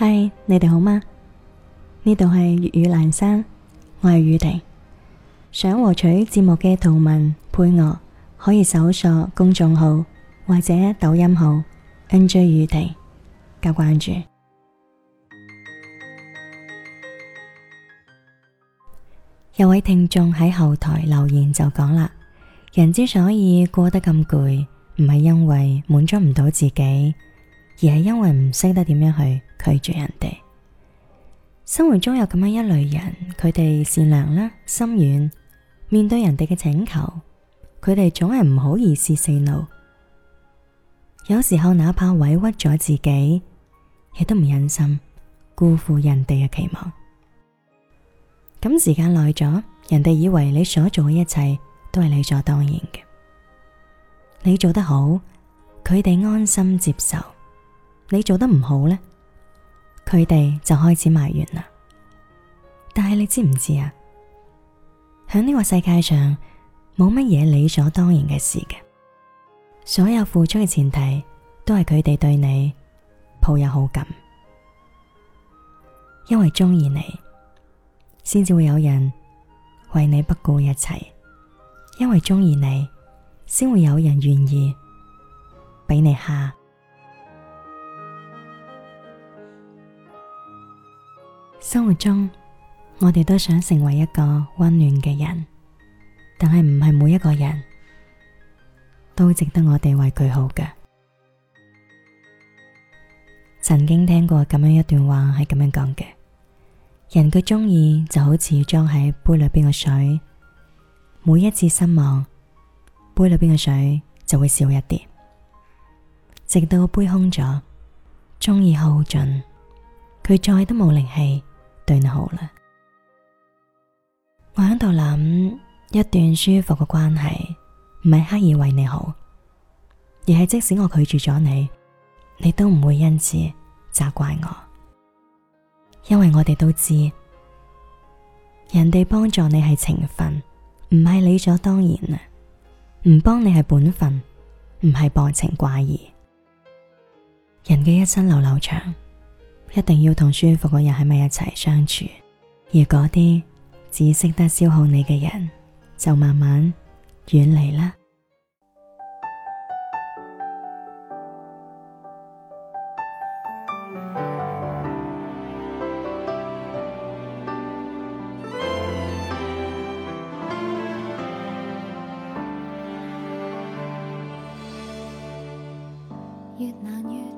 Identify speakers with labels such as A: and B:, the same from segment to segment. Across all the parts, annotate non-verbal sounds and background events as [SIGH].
A: 嗨，Hi, 你哋好嗎？呢度係粵語蘭山，我係宇婷。想獲取節目嘅圖文配樂，可以搜索公眾號或者抖音號 NJ 宇婷加關注。 [MUSIC] 有位聽眾喺後台留言就講啦：人之所以過得咁攰，唔係因為滿足唔到自己。而係因為唔識得點樣去拒絕人哋，生活中有咁樣一類人，佢哋善良啦，心軟，面對人哋嘅請求，佢哋總係唔好意思 say no，有時候哪怕委屈咗自己，亦都唔忍心辜負人哋嘅期望。咁時間耐咗，人哋以為你所做嘅一切都係理所當然嘅，你做得好，佢哋安心接受。你做得唔好咧，佢哋就開始埋怨啦。但係你知唔知啊？響呢個世界上，冇乜嘢理所當然嘅事嘅。所有付出嘅前提，都係佢哋對你抱有好感，因為中意你，先至會有人為你不顧一切。因為中意你，先會有人願意俾你蝦。生活中，我哋都想成為一個溫暖嘅人，但係唔係每一個人都值得我哋為佢好嘅。曾經聽過咁樣一段話，係咁樣講嘅：人嘅鍾意就好似裝喺杯裏邊嘅水，每一次失望，杯裏邊嘅水就會少一啲，直到杯空咗，鍾意耗盡，佢再都冇靈氣。對你好啦，我喺度諗，一段舒服嘅關係，唔係刻意為你好，而係即使我拒絕咗你，你都唔會因此責怪我，因為我哋都知人哋幫助你係情分，唔係理所當然啊，唔幫你係本分，唔係薄情寡義。人嘅一生流流長。一定要同舒服嘅人喺埋一齊相處，而嗰啲只識得消耗你嘅人，就慢慢遠離啦。越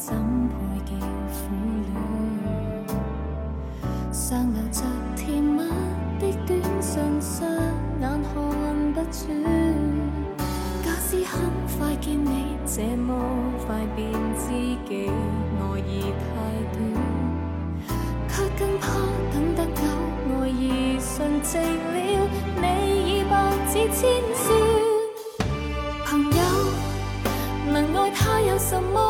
B: 怎配叫苦戀？尚留着甜蜜的短訊，雙眼看不穿。假使很快見你，這麼快便知己，愛意太短。卻更怕等得久，愛意純淨了，你已百子千孫。朋友，能愛他有什麼？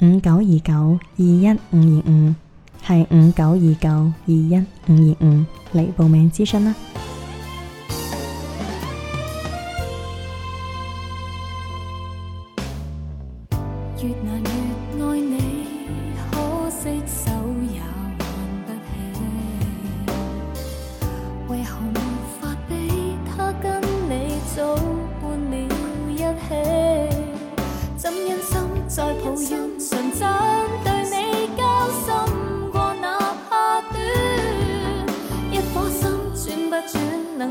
A: 五九二九二一五二五，係五九二九二一五二五，嚟報名諮詢啦。